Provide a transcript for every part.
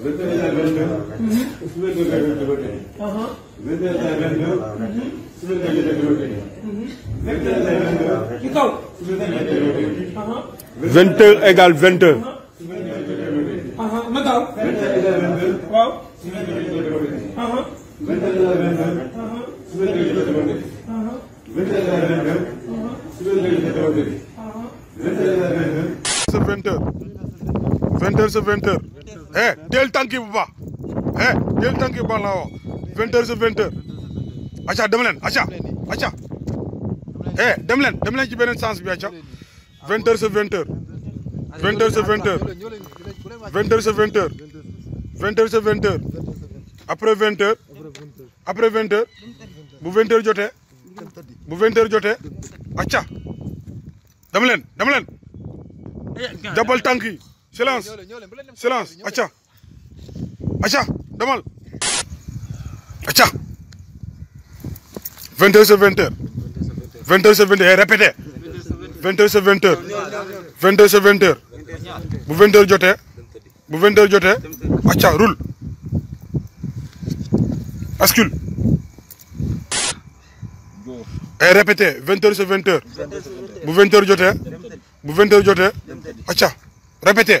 Within the window, within the window, within the window, within the window, within the window, within the window, 20 égale 22. Nagaw. Waaw. Vingt heures sur vingt heures. Eh, del tànk yi bu baax eh del tànk yi bu baax laa wax vingt heures sur vingt heures acca dem leen acca acca eh dem leen dem leen ci beneen sens bi acca vingt heures sur vingt heures vingt heures sur vingt heures vingt heures sur vingt heures vingt heures sur vingt heures après vingt heures après vingt heures bu vingt heures jotee bu vingt heures jotee acca dem leen dem leen jàppal tànk yi silence silence acha acca demal acca 22 sur 20 heures 22 sur 20 heures répétez 22 sur 20 heures 22 sur 20 heures bu 20 heures jotee bu 20 heures jotee acca roule bascule et répétez 20h sur 20h. Vous 20h 20 Vous 20h bu Acha, heures jotee acca répétez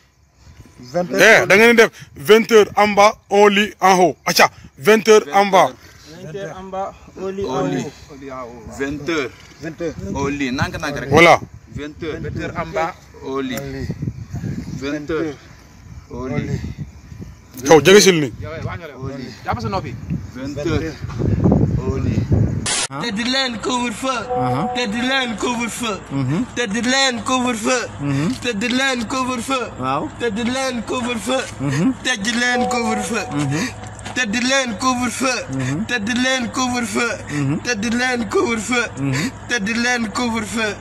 vingt eh, heures da ngeen def vingt heures en bas au lit en haut acca vingt heures en bas. vingt heures en bas au lit en haut. vingt heures. jege si lu nii. tëddleen couvre-feu. tëddleen couvre-feu. tëddleen couvre-feu. tëddleen couvre-feu. waaw tëddleen couvre-feu. tëddleen couvre-feu. tëdd leen couvre-feu. tëdd leen couvre-feu. tëdd leen couvre-feu. tëdd leen couvre-feu.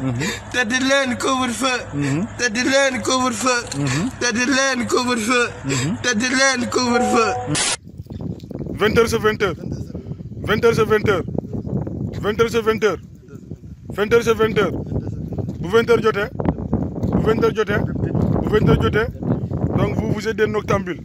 tëdd leen couvre-feu. tëdd leen couvre-feu. tëdd leen couvre-feu. tëdd leen couvre-feu. 20h sur 20h. 20h sur 20h. 20 h c'est 20h. 20 h c'est 20h. Vous 20 h jotin? Vous 20 h jotin? Vous 20 h jotin? Donc vous vous êtes des noctambules.